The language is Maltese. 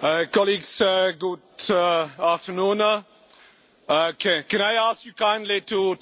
Uh, colleagues, uh, good uh, afternoon. Uh, uh, can, can I ask you kindly to